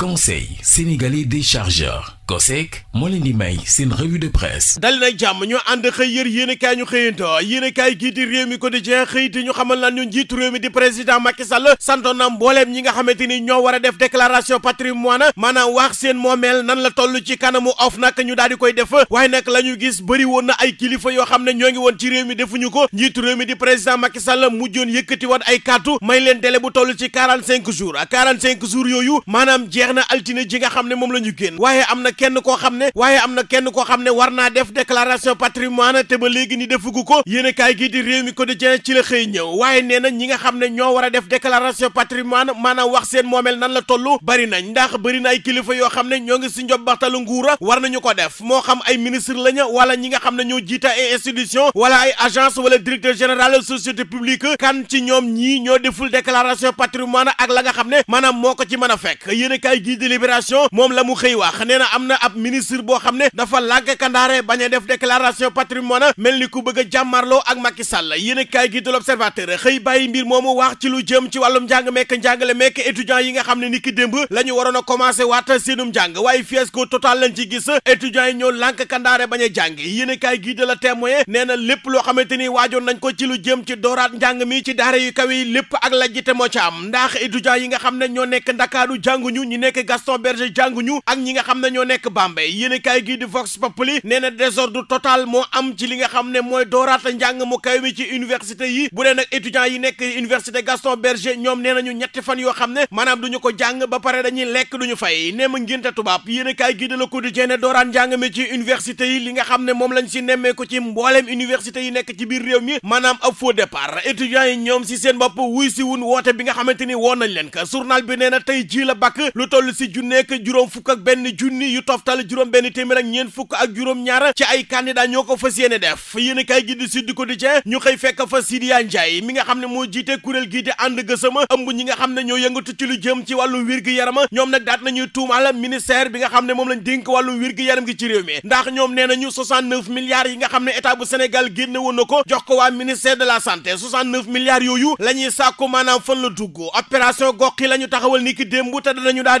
conseil sénégalais des chargeurs COSEC moo leen di may seen revue de presse dali jàmm ñu ànd xëy yër yéen i kaay ñu xëyantoo yéen i kaay gii di réew mi quotidien xëy di ñu xamal naan njiitu réew mi di président Macky Sall mbooleem ñi nga xamante ni ñoo war a def déclaration patrimoine maanaam wax seen moomeel nan la toll ci kanamu of nag ñu daal di koy def waaye nag la ñu gis bëri woon na ay kilifa yoo xam ne ñoo ngi woon ci réew mi de ko njiitu réew mi di président Macky Sall mujjoon yëkkati woon ay kàddu may leen délai bu toll ci quarante cinq jeex na altine ji nga xam ne moom la ñu génn waaye am na kenn koo xam ne waaye am na kenn koo xam ne war naa def déclaration patrimoine te ba léegi ni defugu ko yéen kaay gii di réew mi quotidien ci la xëy ñëw waaye nee na ñi nga xam ne ñoo war a def déclaration patrimoine maanaam wax seen moomeel nan la toll bari nañ ndax bari na ay kilifa yoo xam ne ñoo ngi si njob baxtalu nguura war nañu ko def moo xam ay ministre lañu wala ñi nga xam ne ñoo jiita ay institution wala ay agence wala directeur général société publique kan ñoom ñii ñoo deful déclaration patrimoine ak la nga xam ne maanaam ko ci mën a fekk yéenekaay gii di Libération moom la mu xëy wax nee na am na ab ministre boo xam ne dafa lànk kandaare bañ a def déclaration patrimoine mel ni ku bëgg a jàmmarloo ak Macky Sall yéenekaay gii di L'Observateur xëy bàyyi mbir moomu wax ci lu jëm ci wàllum njàng mekk njàngale mekk étudiant yi nga xam ne ni ki démb la ñu waroon a commencé waat seenum njàng waaye fiasco total lañ ci gis étudiants yi ñoo lànk kandaare bañ a jàng yéenekaay gii di La Témoin nee na loo xamante ni waajoon nañ ko ci lu jëm ci dooraat njàng mi ci daara yu kaw yi lépp ak lajjite moo ci am ndax étudiant yi nga xam ne ñoo nekk Ndakaaru jànguñu nekk Gaston Berger jànguñu ak ñi nga xam ne ñoo nekk Bambey yéenekaay gi di Vox Populi nee na désordre total moo am ci li nga xam ne mooy dooraata njàng mi ci université yi bu dee nag étudiants yi nekk université Gaston Berger ñoom nee nañu ñetti fan yoo xam ne maanaam duñu ko jàng ba pare dañuy lekk duñu fay nee ma ngénte tubaab yéenekaay gi di Le Quotidien ne dooraan njàng mi ci université yi li nga xam ne moom lañ si nemmeeku ci mbooleem université yi nekk ci biir réew mi maanaam ab faux départ étudiants yi ñoom si seen bopp wuy si wun woote bi nga xamante ni woon nañ leen ko journal bi nee na tey ji la bakk lu toll si junneek juróom fukk ak benn junni yu toftal juróom benn téeméer ak ñeent fukk ak juróom ñaar ci ay candidat ñoo ko fas yéene def yéen kay gi di Sud ñu xëy fekk fa Sidiya Ndiaye mi nga xam ne moo jiite kuréel gii di ànd gësama ëmb ñi nga xam ne ñoo yëngatu ci lu jëm ci wàllum wér gi yaram ñoom nag daat nañuy tuumal ministère bi nga xam ne moom lañ dénk wàllum wér gi yaram gi ci réew mi ndax ñoom nee nañu 69 yi nga xam ne état bu Sénégal génne woon na la santé 69 milliards yooyu la la dugg opération gox yi la ñu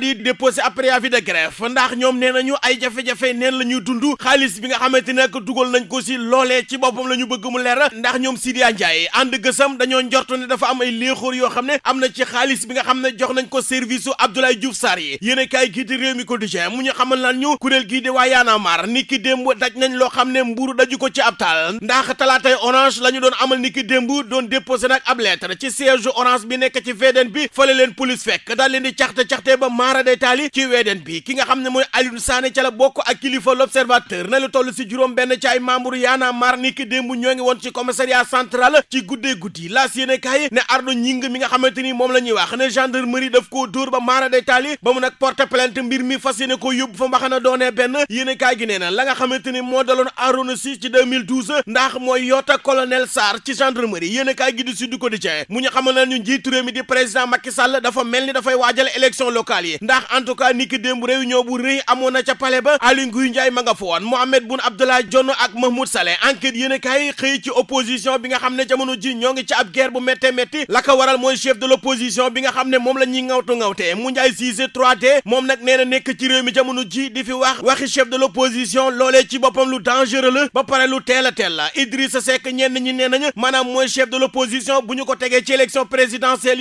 daal di déposé ab préavis de grève ndax ñoom nee nañu ay jafe-jafe neen la ñuy dund xaalis bi nga xamante ne dugal nañ ko si loolee ci boppam la ñu bëgg mu leer ndax ñoom Sidiya Ndiaye ànd gësam dañoo njort ne dafa am ay léexóor yoo xam ne am na ci xaalis bi nga xam ne jox nañ ko service su Abdoulaye Diouf Sarr yi yéen kaay gii di réew mi quotidien mu ñu xamal lan ñu kuréel gii di waa Yaana Mar démb daj nañ loo xam ne mbuuru daju ko ci ab taal ndax talaatay orange la ñu doon amal ni ki démb doon déposé nag ab lettre ci siège orange bi nekk bi fële leen police fekk mara de taali ci weeden bi ki nga xam ne mooy Aliou Sané ca la bokk ak kilifa l'observateur na lu toll si juróom benn ci ay membre yaana mar ni ki démb ñoo ngi woon ci commissariat central ci guddee guddi laas yéene kaay ne Ardo Ñing mi nga xamante ni moom la ñuy wax ne gendarmerie daf koo dóor ba mara de taali ba mu nag porte plainte mbir mi fas yéene ko yóbbu fa mbaxana doonee benn yéene kaay gi nee na la nga xamante ni moo daloon Arouna Sy ci ndax mooy yoota colonel Sarr ci gendarmerie yéene kaay gi di Sud Quotidien mu président Macky Sall dafa mel ni dafay waajal élection locale ndax en tout cas ni ki démb bu rëy amoon na ca palais ba Aly Ngouille Ndiaye ma nga fa woon Mohamed Boun Abdallah Dionne ak Mahmoud Saleh enquête yéen a kaay xëy ci opposition bi nga xam ne jamono ji ñoo ngi ca ab guerre bu méttee métti la waral mooy chef de l'opposition bi nga xam ne moom la ñuy ŋawtu ŋawtee mu Ndiaye Cissé 3D moom nag nee na nekk ci réew mi jamono ji di fi wax waxi chef de l'opposition loolee ci boppam lu dangereux la ba pare lu teel a teel la Idrissa nee nañu maanaam mooy chef de bu ñu ko tegee ci élection présidentielle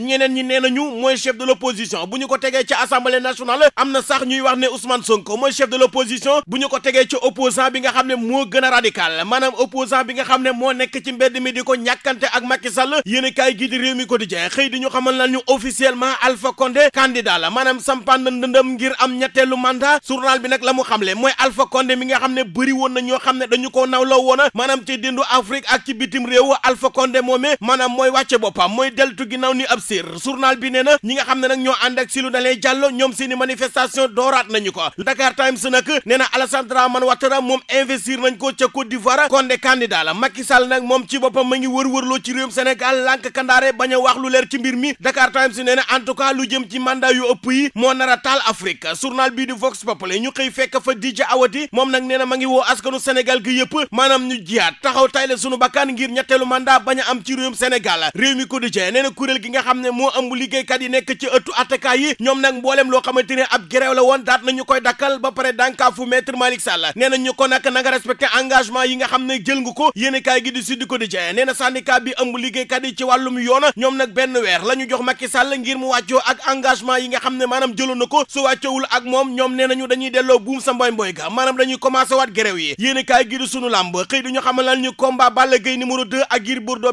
ñi nee nañu mooy chef de l'opposition ñu ko tegee ci assemblée nationale am na sax ñuy wax ne Ousmane Sonko mooy chef de l'opposition bu ñu ko tegee ci opposant bi nga xam ne moo gën a radical maanaam opposant bi nga xam ne moo nekk ci mbedd mi di ko ñàkkante ak Macky Sall yéen kaay gi di réew mi quotidien xëy di ñu xamal nañu officiellement Alpha Condé candidat la maanaam sampaan na ndëndëm ngir am ñetteelu mandat journal bi nag la mu xamle mooy Alpha konde mi nga xam ne bëri woon na ñoo xam ne dañu ko nawloo woon maanaam ci dindu Afrique ak ci bitim réew Alpha Condé moomee maanaam mooy wàcce boppam mooy deltu ginnaaw ni ab sir journal bi nee na ñi nga xam ne nag ñoo ànd ak lu Dale Diallo ñoom seeni manifestation dooraat nañu ko Dakar Times nag nee na Alassane Dramane Ouattara moom investir nañ ko ca Côte d'Ivoire Condé candidat la Macky Sall nag moom ci boppam ma ngi wër-wërloo ci réewum Sénégal lànk kandaare bañ a wax lu leer ci mbir mi Dakar Times nee na en tout cas lu jëm ci mandat yu ëpp yi moo nar a taal Afrique journal bii di Vox Populi ñu xëy fekk fa Didier Awadi moom nag nee na ma ngi woo askanu Sénégal gi yëpp maanaam ñu taxaw tay sunu bakkaan ngir ñetteelu mandat bañ am ci réewum Sénégal réew mi quotidien nee na kuréel gi nga xam ne moo ëmb liggéeykat yi nekk ci ëttu attakaa yi ñoom nag mbooleem loo xamante ne ab grève la woon daat nañu koy dakkal ba pare dànkaafu maître Malick Sall nee na ñu ko nag na nga respecté engagement yi nga xam ne jël nga ko yéen kaay gi di Sud Quotidien nee na syndicat bi ëmb liggéeykat yi ci wàllum yoon ñoom nag benn weer la ñu jox Macky Sall ngir mu wàccoo ak engagement yi nga xam ne maanaam jëloon na ko su wàccowul ak moom ñoom nee nañu dañuy delloo buum sa mboy mboy ga maanaam dañuy commencé waat grève yi yéen kaay gi di sunu làmb xëy duñu xamalal ñu combat Balla Gaye numéro 2 ak Gris Bordeaux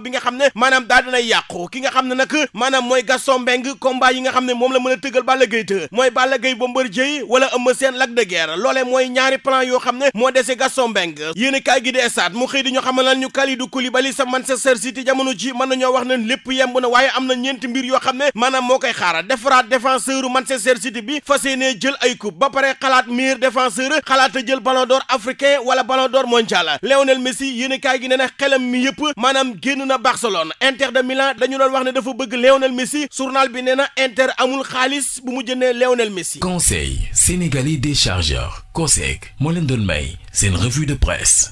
a tëggal Balla Gaye 2 mooy Balla Gaye Bombardier wala Eumeu Sène Lac de mooy ñaari plan yoo xam ne moo dese Gaston Mbengue yéen gi di stade mu xëy di ñu xamal ñu Kalidou Koulibaly sa Manchester City jamono ji mën nañoo wax ne lépp yemb na waaye am na ñeenti mbir yoo xam ne maanaam moo koy xaara defaraat défenseuru Manchester City bi fas yéenee jël ay coupe ba pare xalaat meilleur défenseur xalaata jël ballon d'or africain wala ballon d'or mondial Lionel Messi xaalis bu mu jëndee Lionel Messi. conseil sénégalais des chargeurs COSEC moo leen doon may seen revue de presse.